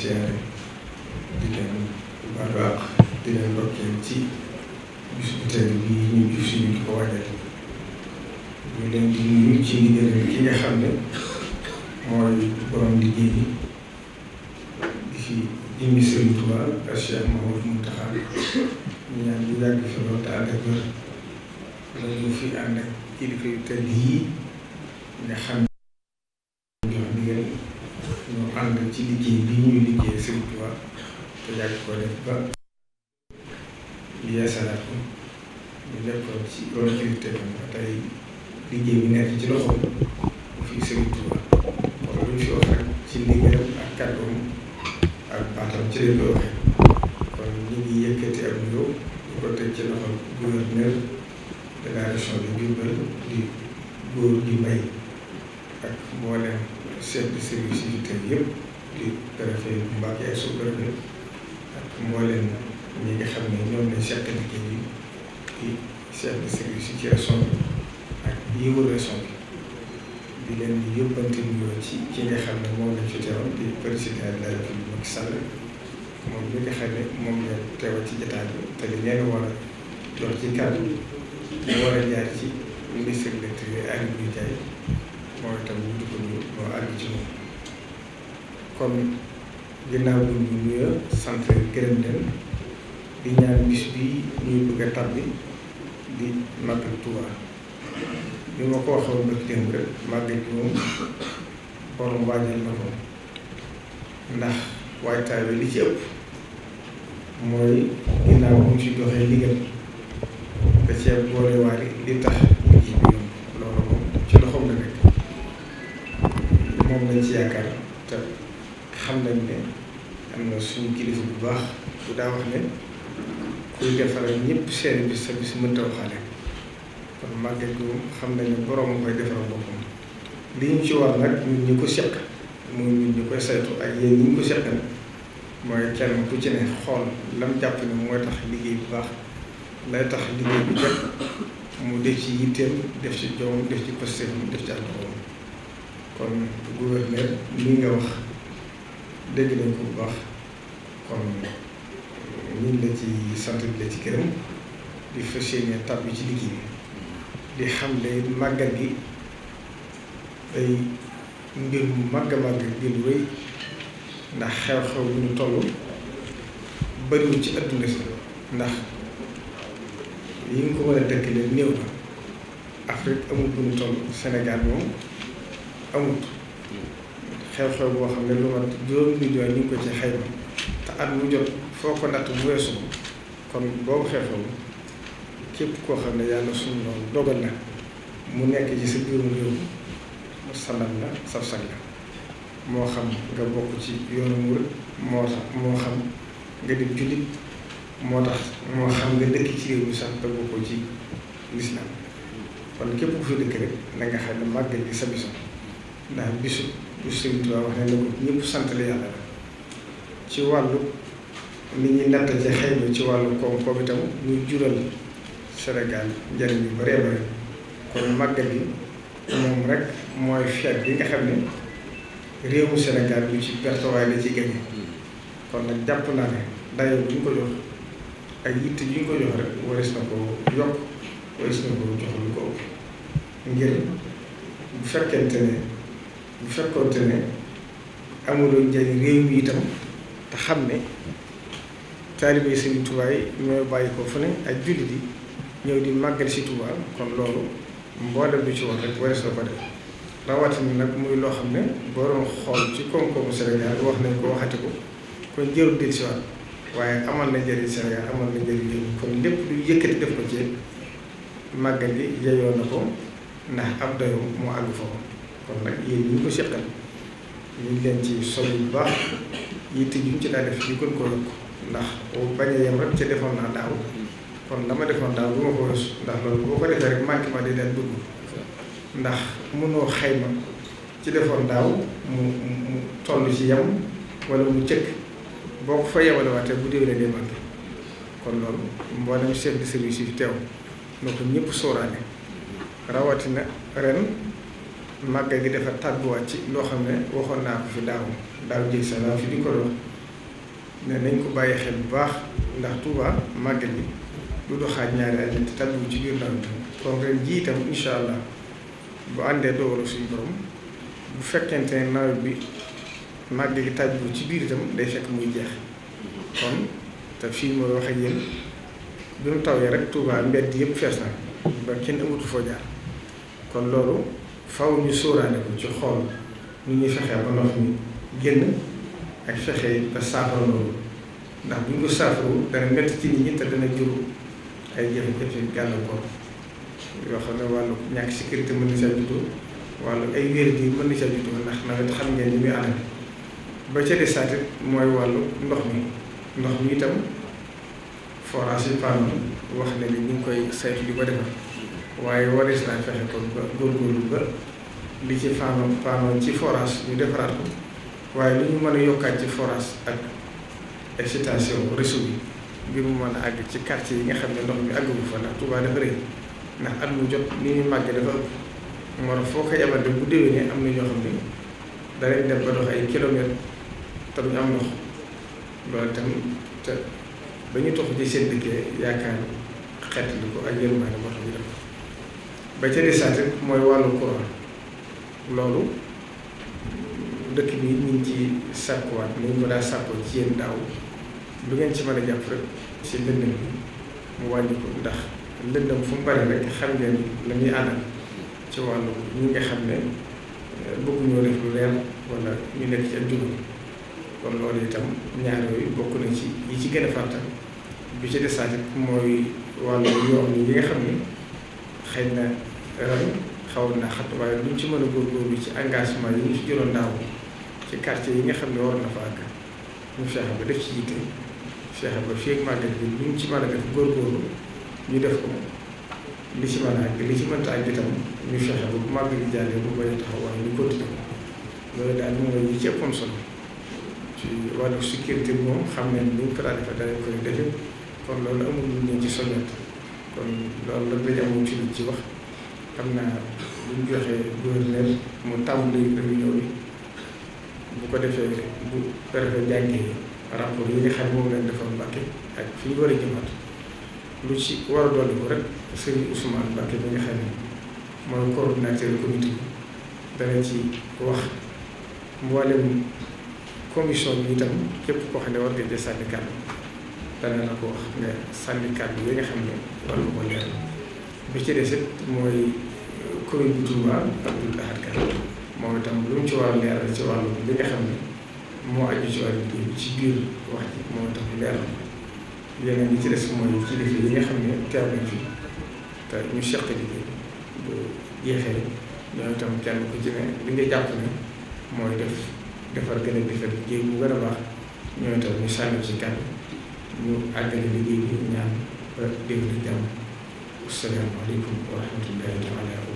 siyaare di leen baalu àq di leen ndokkeel ci bis bu tedd bi ñu ñu di ko waajal ñu leen di nuyu ci ndigal ki nga xam ne mooy borom liggéey bi di fi indi Sëriñ Tuubaa ak Cheikh Mouhamadou Mountakha ñu ñaan ñu yàgg fi loolu te ànd ak wér lañu fi ànd ak kilifa yu tedd yii nga xam ne jox ndigal ñu ànd ci liggéey yàgg ko def ba yeesalaat ko ñu nekkoon ci loolu ci te ba tey liggéey bi nekk ci loxoom bu fi Sëriñ Tuuba kon lu ñu fi wax rek ci liggéeyam ak kàddoom ak baatam ci lañ koy ngi yëkkati ak nuyoo ñu ko teg ci loxo gouverneur de la région de Diourbel di góor di mbay ak mboolem chef de service yi fi teg yëpp di préfet bu Mbàkke ak sous mbooleem ñi nga xam ne ñoom lañ seqal liggéey bi di chef de ci région ak yi wër bi di leen di yóbbante nuyoo ci nga xam ne moom lañ fi teewoon di président de la République Macky Sall moom mi nga xam ne moom la teewal ci jotaay bi te li ngeen war a jox ci kàddu ñu war a jaar ci ministre de l'Intérieur Aly Ngouille Ndiaye mooy itam ñu dugg ñu moo àgg ci moom kon. ginnaaw bi ñu nuyoo sant gërëm leen di ñaan bis bi ñuy bëgg a tàbbi di màggal Tuuba li ma ko waxoon bëgg démb moom borom waajal na ko ndax waajtaay wi li ci ëpp mooy ginnaaw bu ci doxee liggéey da cee boole waale li tax loolu moom ci loxoom la nekk moom lañ ci yaakaar te. xam nañ ne am na suñu kilifa bu baax bu daa wax ne kuy defaral ñëpp seen bis sa bis mënta waxaale kon màggal ko xam nañ ne borom a koy defaral boppam li ñu ci war nag ñun ñi ko seq mooy ñun koy saytu ak yéen ñi ñu ko seqal mooy kenn ku ci ne xool lam jàpp ne mooy tax liggéey bu baax lay tax liggéey bu jot mu def ci yitteem def ci jom def ci posté def ci àll kon gouverneur li nga wax. dégg nañ ko bu baax kon ñu la ci sant di la ci gërëm di fas yéene yi ci liggéey bi di xam ne màggal gi day mbir mu màgg màgg mbir mu rëy ndax xew-xew bu ñu toll bëriwul ci adduna si ndax yi nga ko mën a dëkk leen néew na Afrique amul bu ñu toll Sénégal moom amut xew-xew boo xam ne lu mat juróomi million ñu ko ci xayma te at mu jot foo ko natt bu weesu kon boobu xew-xew képp koo xam ne yàlla suñu noonu dogal na mu nekk ci sa biirum réew mu sanal la saf sag la moo xam nga bokk ci yoonu murid tax moo xam nga di jullit moo tax moo xam nga dëkk ci réew mi sax te bokkoo ci lislaam kon képp ku fi dëkk rek na xam ne màggal gi sa bisu ndax bisu bu Sëriñ Tuubaa ne na ko ñëpp sant la ci wàllu nit ñi natt ci xayma ci wàllu koom-koom itam muy jural Sénégal njëriñ yu bëree bëri kon màggal gi moom rek mooy feet bi nga xam ne réewu Sénégal bu ci pertewaay la ci gën kon nag jàpp naa ne dayo bu ñu ko jox ak yitte ju ñu ko jox rek waris na ko yokk waris na ko jox lu ko ëpp ngir bu ne bu fekkoonte ne amuloo njëriñ réew mi itam te xam ne taalibe Sëriñ Tuubaa yi ñooy bàyyi ko fu ne ak jullit yi ñëw di màggal si Tuubaa kon loolu mboolem lu ci wax rek warees na ko def rawatina nag muy loo xam ne boo doon xool ci koom-koomu Sénégal wax nañ ko waxati ko kon jëru del si waat waaye amal na njëriñ Sénégal amal na njëriñ réew kon lépp lu yëkkati def ko ci màggal gi yeyoo na ko ndax ab dayoo moo àgg foofu kon nag yéen ñu ngi ko seqal ñu ngi leen ci soññ bu baax yitte ñu ci daal def ñu kon ko yokk ndax bañ a yem rek ca defoon naa daaw kon la ma defoon daaw bu ma ko weesu ndax loolu boo ko defee rek manquement di leen bëgg ndax mënoo xayma ci defoon daaw mu mu toll ci yem wala mu cëkk boo ko fa yebalewaatee bu déwénee day manqué kon loolu mboolem chef de service yi fi teew na ko ñëpp sóoraale rawatina ren. màggal gi dafa tàgguwaat ci loo xam ne waxoon naa ko fi daaw daaw jëg sa laa fi di ko dox ne nañ ko bàyyi xel bu baax ndax Tuuba màggal gi du doxaaj ñaari at te tàgguwu ci biir nawet kon ren incha allah bu àndee dogalu suñu borom bu fekkente ne nawet bi màggal gi tàgguwu ci biir itam day fekk kon te fii mooy wax ak bi mu tawee rek Tuuba mbedd yëpp fees na ba kenn amatu foo jaar kon loolu faw ñu sóoraale ko ci xool ñu ñuy fexee ba ndox mi génn ak fexee ba saafara loolu ndax bu ñu ko saafaru dana ñi te dana jur ay jafe-jafe gàllankoor yoo xam ne ay wér gi na caa ndax nawet xam ngeen ni muy ànd ba ca desaat mooy wàllu ndox mi ndox mi itam forage yi wax ne ni ñu ngi koy saytu di ko defar. waaye waris naa fexe kon ba góorgóorlu ba li ci faanoon faanoon ci forage ñu defaraat ko waaye li ñu mën a yokkaat ci forage ak excitation réseau bi ngir mu mën a àgg ci quartier yi nga xam ne ndox mi àggagu fa ndax Touba dafa rëy ndax at mu jot ni ñu màgg dafa ëpp moo tax foo ko yabal bu déwénee am na ñoo xam ne danañ dem ba dox ay kilomètres te duñ am ndox loolu tam te ba ñu tox ci seen dëkkee yaakaar xet li ko ak yërmaane moo tax ñu def ba ca desaat mooy wàllu courant loolu dëkk bi ñu ngi ci sàkkuwaat nañ ko daa sàkkoo ci yéen daaw ci mën a jàpp rek mu wàññi ko ndax lëndëm fu mu bari rek xam ngeen la ñuy ci wàllu ñi nga xam ne eh, bëgguñoo def lu leer wala ñu nekk ci ak jubal kon loolu itam ñaar yooyu bokk na ci yi ci gën a fàttal bi ci desaat mooy wàllu yoon yi nga xam ne xëy na ren xawoon na xat waaye luñ ci mën a góorgóorlu ci engagement yi ñu ci jëloon daaw ci quartier yi nga xam ne war na fa àgg ñu fexe ba def ci yitte fexe ba fii ak màggal luñ ci mën a def góorgóorlu ñu def ko li ci mën a àgg li ci mënta àgg itam ñu fexe ba bu màgg bi jàllee bu bañ a taxaw waaye ñu continué daal moom la ñu ci ëppoon solo ci bi moom xam ne ni ñu ko daan defee dañ koy defee kon loolu amul ci soññat kon loolu la dañ amoon ci luñ ci wax. xam naa bu ñu joxee gouverneur mu tàmbali réunion bi bu ko defee bu préfet jàngee rapport yi nga xam moom lañ defal Mbàkke ak fi ñu war a jëmaat lu ci war a dolli ko rek Serigne Ousmane Mbàkke bi nga xam ne mooy coordinateur comité bi dana ci wax mboolem commission bi itam képp koo xam ne war nga jël sànni kàddu dana la ko wax nga sànni kàddu yi nga xam ne war nga ko leeral bi ci des it mooy commune euh, bu Touba Abdoul Ahad Ka moom itam lu mu ci war a leeral ci wàllu li nga xam ne moo aju ci wàllu bi ci biir wax ji moom itam leeral ci des mooy kilifa yi nga xam ne teew fi te ñu seq liggéey bu jeexee ñoom itam kenn ku ci ne li nga jàpp ne mooy def defar gën a defar liggéey bu gën a baax ñoom itam ñu sànni ci kàddu ñu àggale liggéey bi ñaan ba déglu jàmm assalaamu aleykum wa rahmatullahi taala